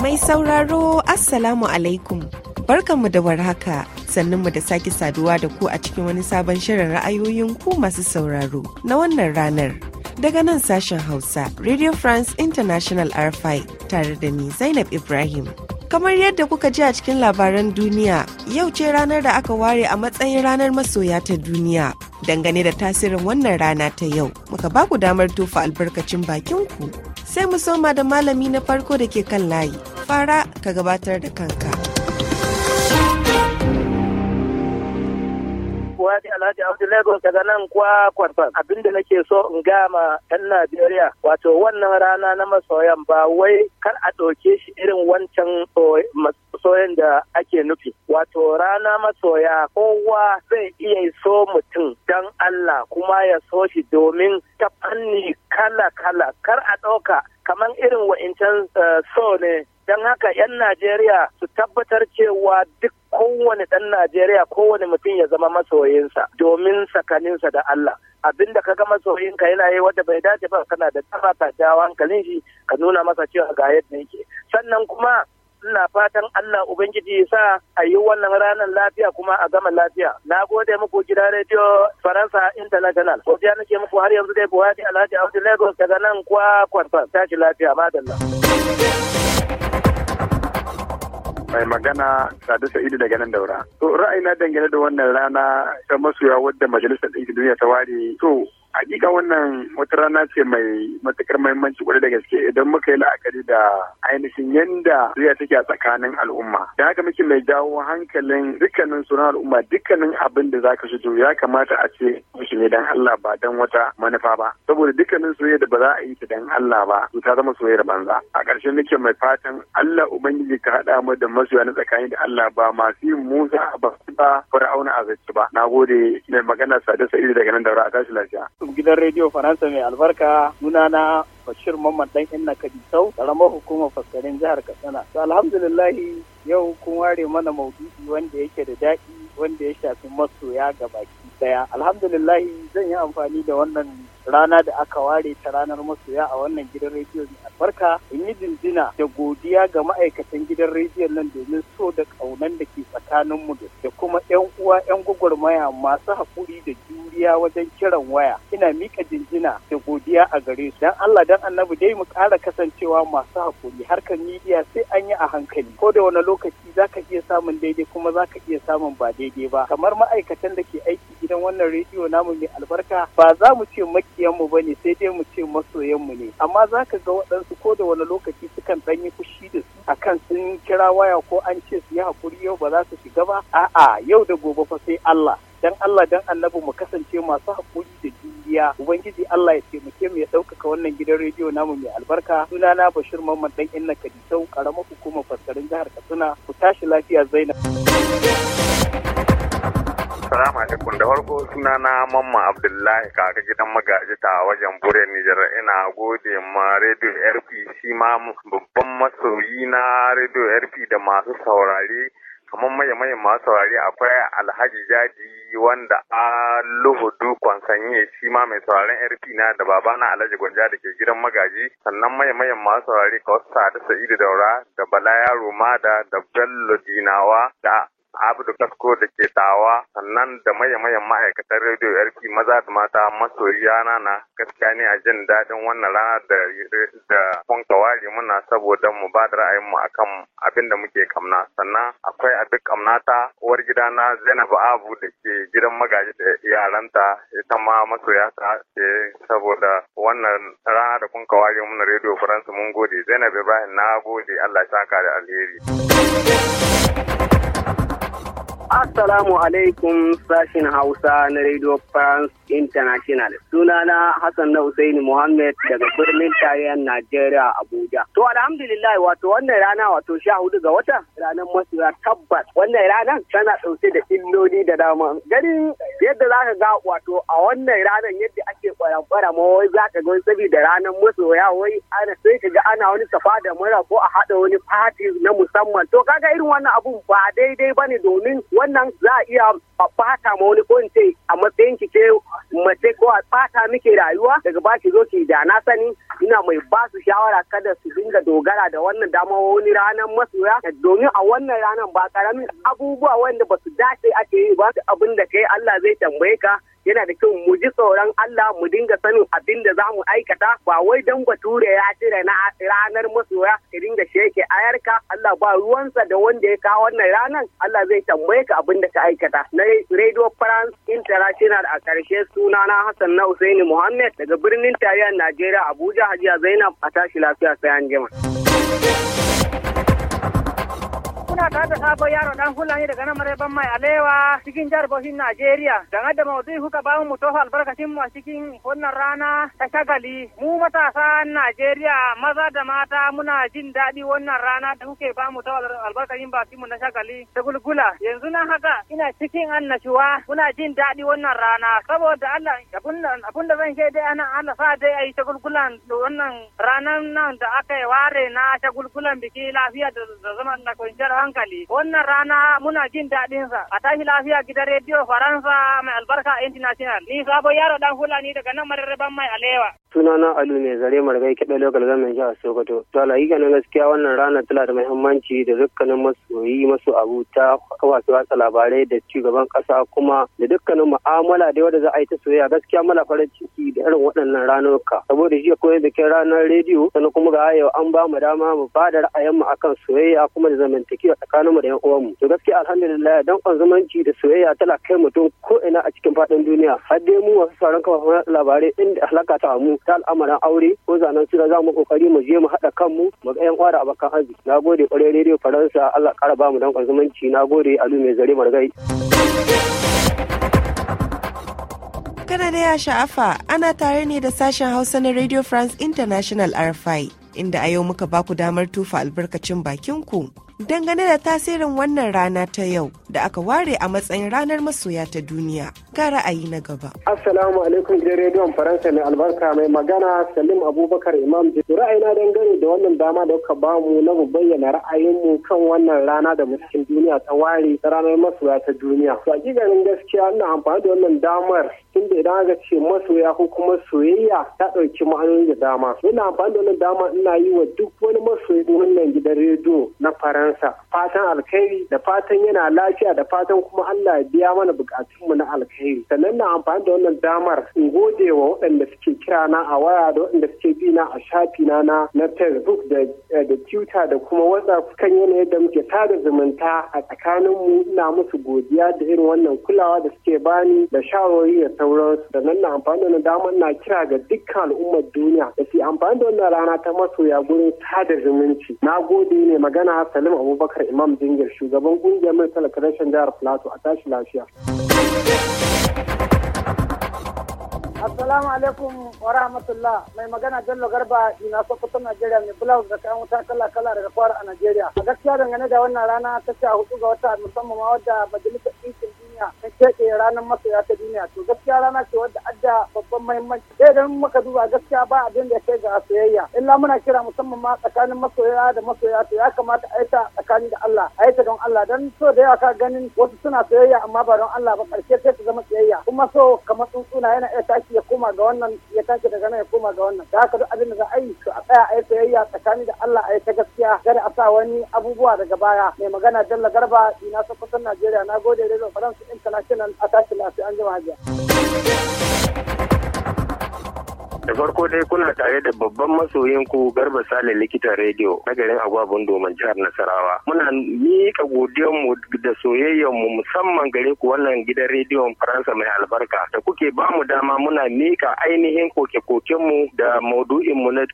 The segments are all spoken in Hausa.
Mai sauraro Assalamu alaikum. Barkanmu da warhaka. Sannunmu da sake saduwa da ku a cikin wani sabon shirin ra'ayoyin ku masu sauraro na wannan ranar. Daga nan sashen Hausa, Radio France International RFI tare da ni Zainab Ibrahim. Kamar yadda kuka ji a cikin labaran duniya, yau ce ranar da aka ware a matsayin ranar masoya ta duniya. Dangane da tasirin wannan rana ta yau, muka ba ku damar tofa albarkacin bakin ku. Sai mu soma da malami na farko da ke kan layi. Fara ka gabatar da kanka. kuwa Alhaji Abdul Lagos daga nan kuwa Kwarfan. Abinda nake so in gama ɗan Najeriya wato wannan rana na masoyan ba wai kar a ɗauke shi irin wancan masoyan da ake nufi. Wato rana masoya kowa zai iya so mutum don Allah kuma ya so shi domin ta fanni kala-kala kar a ɗauka kamar irin wa'incan eh, so ne. Don haka 'yan Najeriya su tabbatar cewa duk kowane ɗan Najeriya kowane mutum ya zama masoyinsa domin sakaninsa da Allah. abin da ka kaga masoyinka yana yi wadda bai dace ba kana da dama ta jawo hankalin shi ka nuna masa cewa ga yadda yake sannan kuma ina fatan Allah Ubangiji ya sa a yi wannan ranar lafiya kuma a gama lafiya. Na gode muku Gida rediyo Faransa International. ya nake muku har yanzu dai Buhari Alhaji Abdu Lagos daga nan kwa kwarfan. Tashi lafiya madalla. mai magana Sadu Sa'idu daga nan daura. To ra'ayina dangane da wannan rana ta masoya wadda Majalisar Ɗinkin Duniya ta ware. To hakika wannan wata rana ce mai matukar mahimmanci kwarai da gaske idan muka yi la'akari da ainihin yanda zuriya take a tsakanin al'umma da haka muke mai jawo hankalin dukkanin sunan al'umma dukkanin abin da zaka shito ya kamata a ce shi ne dan Allah ba dan wata manufa ba saboda dukkanin soyayya da ba za a yi ta dan Allah ba to ta zama soyayyar banza a ƙarshe nake mai fatan Allah ubangiji ka hada mu da masoya na tsakani da Allah ba masu yin Musa ba ba Fir'auna a ba Na gode mai magana Sadu Sa'idu daga nan daura a tashi lafiya gidan rediyo faransa mai albarka na Bashir Mamman dan Inna Kadisau karamar hukumar faskarin jihar Katsina. To alhamdulillah yau kun ware mana maudu'i wanda yake da daɗi wanda ya shafi masoya ga baki daya. Alhamdulillah zan yi amfani da wannan rana da aka ware ta ranar masoya a wannan gidan rediyo mai albarka in yi jinjina da godiya ga ma'aikatan gidan rediyon nan domin so da ƙaunan da ke tsakanin mu da kuma 'yan uwa 'yan gwagwarmaya masu haƙuri da juriya wajen kiran waya ina miƙa jinjina da godiya a gare su dan Allah dan annabi dai mu ƙara kasancewa masu hakuri. harkar midiya sai an yi a hankali ko da wani lokaci za ka iya samun daidai kuma za ka iya samun ba daidai ba kamar ma'aikatan da ke aiki gidan wannan rediyo namu mai albarka ba za mu ce makiyanmu ba ne sai dai mu ce masoyanmu ne amma za ka ga waɗansu ko da wani lokaci sukan ɗan yi fushi da su akan sun kira waya ko an ce su yi haƙuri yau ba za su shiga ba a'a yau da gobe fa sai Allah dan Allah dan annabi mu kasance masu haƙuri godiya ubangiji Allah ya taimake mu ya ɗaukaka wannan gidan rediyo namu mai albarka na Bashir Mamman dan Inna Kadisau karamar hukumar fassarin jihar Katsina ku tashi lafiya Zainab Assalamu alaikum da farko suna na Mamman Abdullahi Kaka gidan magaji ta wajen bure Nijar ina gode ma Radio RP shi ma babban masoyi na Radio RP da masu saurare kamar maye maye masu saurari akwai alhaji jadi wanda a luhudu kwansanye shi ma mai sauraron rp na da baba na alhaji gwanja da ke gidan magaji sannan maye maye masu saurari kawai da sa'idu daura da bala yaro mada da bello dinawa da Abdu Kasko da ke tawa sannan da mayan ma'aikatar rediyo yarki maza da mata masoyiya na na gaskiya ne a jin daɗin wannan rana da da kun kawari muna saboda mu ba da ra'ayin mu akan abin da muke kamna sannan akwai abin kamnata uwar gida na Zainab Abu da ke gidan magaji da yaranta ita ma masoya ta ce saboda wannan rana da kun kawari muna rediyo Faransa mun gode Zainab Ibrahim na gode Allah ya saka da alheri. Assalamu alaikum sashin Hausa na Radio France International. Sunana Hassan na Usaini Muhammad daga birnin tarihin Najeriya Abuja. To alhamdulillah wato wannan rana wato sha hudu ga wata ranar masu tabbas wannan ranar tana ɗauke da illoli da dama. Ganin yadda za ka ga wato a wannan ranar yadda ake kwara ma wai za ka gani saboda ranar masoya wai ana sai ka ga ana wani safa da mura ko a haɗa wani fati na musamman to kaga irin wannan abun ba daidai bane domin wannan za a iya fata ma wani ko in ce a matsayin ki ke mace ko a ɓata muke rayuwa daga ba ki zo ki da na sani ina mai ba su shawara kada su dinga dogara da wannan dama wani ranar masoya domin a wannan ranar ba karamin abubuwa wanda ba su dace ake yi ba abin da kai Allah zai tambaye ka yana da kyau mu ji tsoron Allah mu dinga sanin abin da za mu aikata ba wai dan bature ya tire na ranar masoya ka dinga sheke ayarka Allah ba ruwansa da wanda ya kawo wannan ranar Allah zai tambaye ka abin da ka aikata na Radio France International a karshe sunana Hassan na Usaini Muhammad daga birnin tarayyar Najeriya Abuja Hajiya Zainab a tashi lafiya sai an jima. kada da sabo yaro dan Fulani daga nan ban Mai Alewa cikin jihar Bauchin Najeriya. Dangane da maudu'i kuka ba mu tofa albarkacin mu a cikin wannan rana ta shagali. Mu matasa Najeriya maza da mata muna jin daɗi wannan rana da kuke ba mu tofa albarkacin bakin mu na shagali ta gulgula. Yanzu nan haka ina cikin annashuwa muna jin daɗi wannan rana saboda Allah abun da zan ke dai ana ana sa dai ayi gulgula wannan ranan nan da aka yi ware na shagulgulan biki lafiya da zaman na kwanciyar hankali. hankali wannan rana muna jin daɗin sa a tashi lafiya gidan rediyo faransa mai albarka international ni sabo yaro dan fulani daga nan mararraban mai alewa sunana alu ne zare margai kiɗa lokal gamin jihar sokoto to yi ganin gaskiya wannan rana tana da muhimmanci da dukkanin masoyi masu ta wasu watsa labarai da shugaban ƙasa kuma da dukkanin mu'amala da wadda za a yi ta soyayya gaskiya mala farin ciki da irin waɗannan ranuka saboda shi akwai bikin ranar rediyo sannan kuma ga yau an ba mu dama mu ba da mu akan soyayya kuma da zamantakewa mu da 'yan uwanmu to gaskiya alhamdulillah dan zumunci da soyayya tana kai mutum ko ina a cikin faɗin duniya har dai mu wasu sauran kafafen labarai inda halaka ta mu ta al'amuran aure ko zanen sura za mu kokari mu je mu haɗa kanmu mu ga 'yan uwa da abokan arziki na gode kwarai rediyo faransa Allah ƙara ba mu dan zumunci na gode alu mai zare margai. Kana da ya sha'afa ana tare ne da sashen Hausa na Radio France International RFI inda a yau muka baku damar tufa albarkacin bakin ku dangane da tasirin wannan rana ta yau da aka ware a matsayin ranar masoya ta duniya ga ra'ayi na gaba. Assalamu alaikum gidan rediyon Faransa mai albarka mai magana Salim Abubakar Imam Ra'ayi na dangane da wannan dama da kuka mu na mu bayyana mu kan wannan rana da muskin duniya ta ware ta ranar masoya ta duniya. To hakikanin gaskiya ina amfani da wannan damar tunda idan aka ce masoya ko kuma soyayya ta ɗauki ma'anoni da dama. Ina amfani da wannan dama ina yi wa duk wani masoyi wannan gidan rediyo na Faransa fatan alkhairi da fatan yana lafiya da fatan kuma Allah ya biya mana bukatunmu na alkhairi sannan na amfani da wannan damar in gode wa waɗanda suke kira na a waya da waɗanda suke bi na a shafi na na na Facebook da eh, Twitter da kuma WhatsApp kan yanayin da muke tada zumunta a tsakanin mu ina musu godiya da irin wannan kulawa da suke bani da shawarwari da sauransu sannan na amfani da wannan damar na kira ga dukkan al'ummar duniya da su amfani da wannan rana ta masoya gurin tada zumunci na gode ne magana Salim Abubakar imam dingir shugaban kungiyar mai talaka rashin jihar plateau a tashi lafiya assalamu alaikum wa rahmatullah mai magana jallo garba ina sokoto najeriya mai blouse da kayan wuta kala kala daga kwara a najeriya a gaskiya dangane da wannan rana ta sha hudu ga wata musamman ma wadda majalisar keke ranar masoya ta duniya to gaskiya rana ce wadda adda babban mahimmanci sai dan muka duba gaskiya ba abin da ya kai ga soyayya illa muna kira musamman ma tsakanin masoya da masoya to ya kamata a yi ta tsakani da Allah a yi ta don Allah dan so da yawa ka ganin wasu suna soyayya amma ba don Allah ba karshe sai ta zama soyayya kuma so kamar tsuntsuna yana iya tashi ya koma ga wannan ya tashi daga nan ya koma ga wannan da haka duk abin da za a yi to a tsaya a yi soyayya tsakani da Allah a ta gaskiya kada a sa wani abubuwa daga baya mai magana Jalla Garba ina sokoton Najeriya na gode da faransa in nan a tashi lafiya an jima hajiya. Da farko dai kuna tare da babban masoyin ku Garba Sale likitan rediyo na garin Agwabun Domin jihar Nasarawa. Muna miƙa mu da mu musamman gare ku wannan gidan rediyon Faransa mai albarka da kuke ba mu dama muna mika ainihin koke koken mu da maudu'inmu na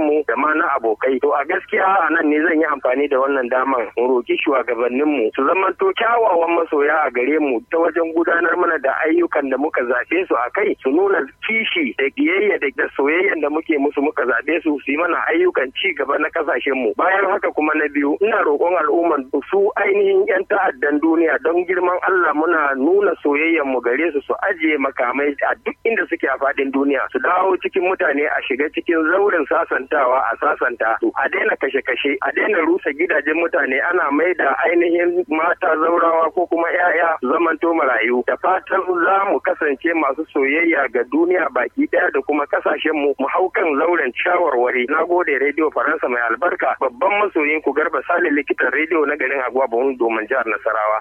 mu da ma na abokai. To a gaskiya a nan ne zan yi amfani da wannan daman mu roki mu su zamanto kyawawan masoya a gare mu ta wajen gudanar mana da ayyukan da muka zaɓe su a kai su nuna kishi da biyayya da da soyayyen da muke musu muka zaɓe su su yi mana ayyukan ci gaba na kasashen mu bayan haka kuma na biyu ina roƙon al'ummar su ainihin yan ta'addan duniya don girman Allah muna nuna soyayyen mu gare su su ajiye makamai a duk inda suke a faɗin duniya su dawo cikin mutane a shiga cikin zauren sasantawa a sasanta su a daina kashe-kashe a daina rusa gidajen mutane ana mai da ainihin mata zaurawa ko kuma 'ya'ya zamanto marayu da fatan za mu kasance masu soyayya ga duniya baki ɗaya da kuma kasashen mu mu hau kan lauren shawarwari na gode rediyo faransa mai albarka babban masoyin ku garba sale likitan rediyo na garin agwa domin jihar nasarawa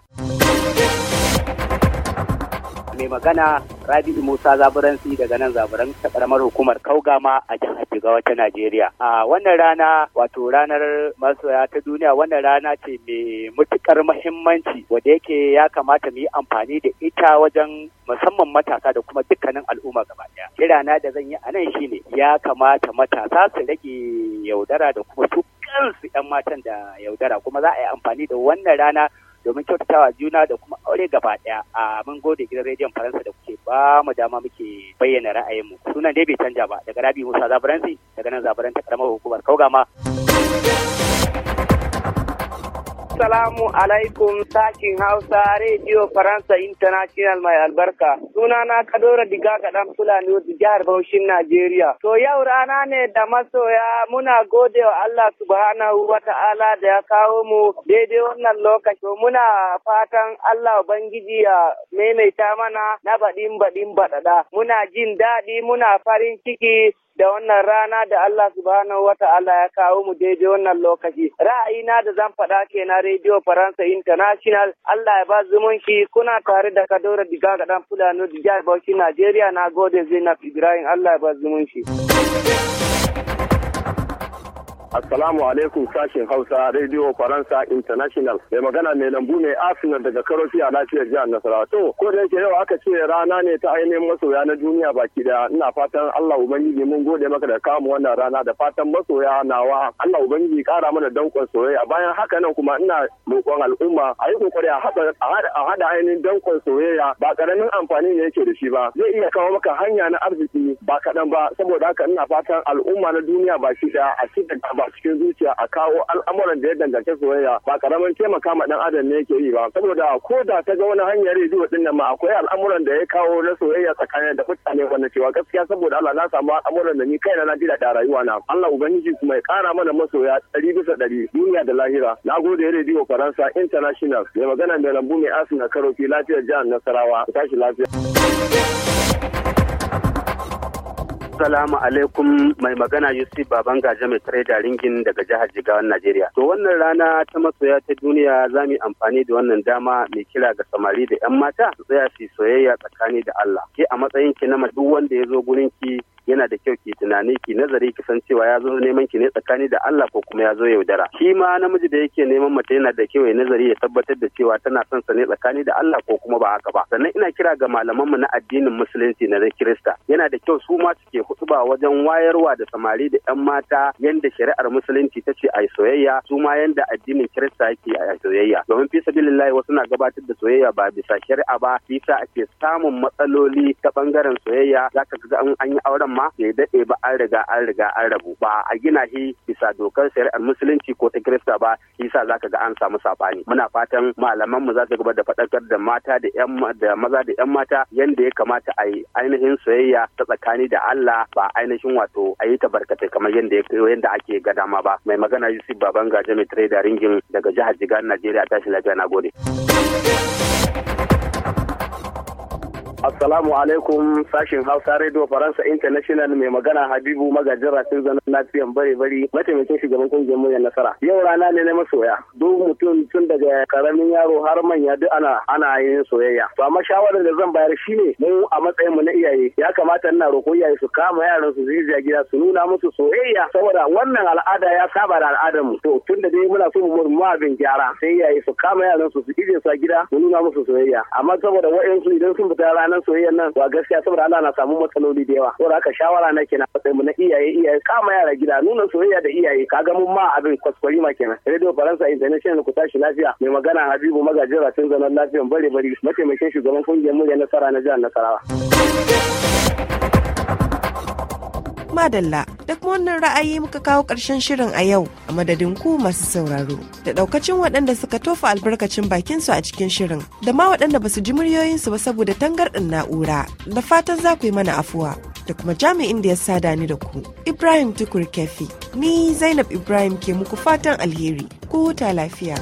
mai magana Rabi'u Musa Zaburansi daga nan Zaburan karamar hukumar Kaugama a jihar Jigawa ta Najeriya. A wannan rana wato ranar masoya ta duniya wannan rana ce mai mutukar muhimmanci wanda yake ya kamata mu yi amfani da ita wajen musamman matasa da kuma dukkanin al'umma gaba daya. Kirana da zan yi a nan shine ya kamata matasa su rage yaudara da kuma su kansu 'yan matan da yaudara kuma za a yi amfani da wannan rana domin kyautatawa juna da kuma aure gaba daya a mun gode gidan rediyon faransa da kuke ba mu dama muke bayyana ra'ayinmu sunan dai bai canja ba daga rabi musa Zabaransi daga nan zabaran ta karamar hukumar kaugama. Assalamu alaikum Sakin Hausa Radio Faransa International mai albarka. Sunana Kadora Diga Gaɗan Fulani wasu jihar Baushin Najeriya. To yau rana ne da masoya muna gode wa Allah subhanahu wa ta'ala da ya kawo mu daidai wannan lokaci. Muna fatan Allah Ubangiji ya maimaita mana na baɗin baɗin baɗaɗa. Muna jin daɗi muna farin ciki da wannan rana da Allah subhanahu wa ta'ala ya kawo mu daidai wannan lokaci. Ra'ayina da zan faɗa ke na Radio Faransa International Allah ya ba zumunci kuna tare da Kadora Diga ga dan Fulani Jihar Bauchi Najeriya na gode Zainab Ibrahim Allah ya ba zumunci. Assalamu alaikum sashen Hausa Radio Faransa International. Mai magana mai lambu mai Arsenal daga Karofi a lafiyar jihar Nasarawa. To, ko da yake yau aka ce rana ne ta ainihin masoya na duniya baki daya. Ina fatan Allah Ubangiji mun gode maka da kamu wannan rana da fatan masoya nawa. Allah Ubangiji kara mana dankon soyayya. Bayan haka nan kuma ina roƙon al'umma a yi kokari a haɗa ainihin dankon soyayya ba ƙaramin amfani ne yake da shi ba. Zai iya kawo maka hanya na arziki ba kaɗan ba. Saboda haka ina fatan al'umma na duniya baki daya a cikin ba cikin zuciya a kawo al'amuran da ya danganci soyayya ba karamin taimaka ma dan adam ne yake yi ba saboda ko da ta ga wani hanyar rediyo din nan ma akwai al'amuran da ya kawo na soyayya tsakanin da mutane wanda cewa gaskiya saboda Allah na samu al'amuran da ni kaina na jira da rayuwa na Allah ubangiji kuma ya kara mana masoya ɗari bisa ɗari duniya da lahira na gode rediyo faransa international mai magana da lambu mai asina karofi lafiyar jihar nasarawa tashi lafiya. Assalamu alaikum mai magana Yusuf Baban Gaje mai da Ringin daga jihar Jigawan Najeriya. To wannan rana ta masoya ta duniya za mu yi amfani da wannan dama mai kira ga samari da 'yan mata su tsaya su soyayya tsakani da Allah. Ke a matsayin ki na duk wanda ya zo gurin ki yana da kyau ki tunani ki nazari ki san cewa ya zo neman ki ne tsakani da Allah ko kuma ya zo yaudara shi ma namiji da yake neman mace yana da kyau ya nazari ya tabbatar da cewa tana son sa ne tsakani da Allah ko kuma ba haka ba sannan ina kira ga mu na addinin musulunci na Kirista yana da kyau su ma suke hutuba wajen wayarwa da samari da yan mata yanda shari'ar musulunci ta ce a soyayya su ma yanda addinin Kirista yake a soyayya domin fi sabilillahi wasu na gabatar da soyayya ba bisa shari'a ba sa ake samun matsaloli ta bangaren soyayya zaka ga an yi auren amma ya daɗe ba an riga an riga an rabu ba a gina shi bisa dokar shari'ar musulunci ko ta kirista ba yasa zaka ga an samu sabani muna fatan malaman mu za su gaba da faɗakar da mata da yan da maza da yan mata yanda ya kamata a yi ainihin soyayya ta tsakani da Allah ba ainihin wato a yi tabarkatai kamar yanda yanda ake ga dama ba mai magana Yusuf Baban Gaje mai da ringin daga jihar Jigar Najeriya tashi lafiya na gode. Assalamu alaikum sashin Hausa Radio Faransa International mai magana Habibu magajin rafin zanen lafiyan bare bari mataimakin shugaban kungiyar muryar nasara. Yau rana ne na masoya. Duk mutum tun daga karamin yaro har manya duk ana ana yin soyayya. To amma shawarar da zan bayar shine mu a matsayin mu na iyaye ya kamata ina roƙo iyaye su kama yaran su zuwa gida su nuna musu soyayya saboda wannan al'ada ya saba da al'adar mu. To tun da dai muna so mu mu abin gyara sai iyaye su kama yaran su su ije su gida mu nuna musu soyayya. Amma saboda wa'ansu idan sun fita rana ranar soyayyar nan wa gaskiya saboda Allah na samu matsaloli da yawa saboda haka shawara na kenan matsayin mu na iyaye iyaye kama yara gida nuna soyayya da iyaye kaga mun ma abin kwaskwari ma kenan radio faransa international ku tashi lafiya mai magana habibu magajin ratin zanen lafiyan bare bare mataimakin shugaban kungiyar murya nasara na jihar nasarawa madalla Duk kuma wannan ra'ayi muka kawo ƙarshen shirin a yau a madadin ku masu sauraro da ɗaukacin waɗanda suka tofa albarkacin bakin su a cikin shirin da ma waɗanda basu ji muryoyinsu ba saboda tangarɗin na'ura da fatan za ku yi mana afuwa da kuma jami'in da ya sada ni da ku ibrahim tukur kefi ni zainab ibrahim ke muku fatan alheri ku huta lafiya.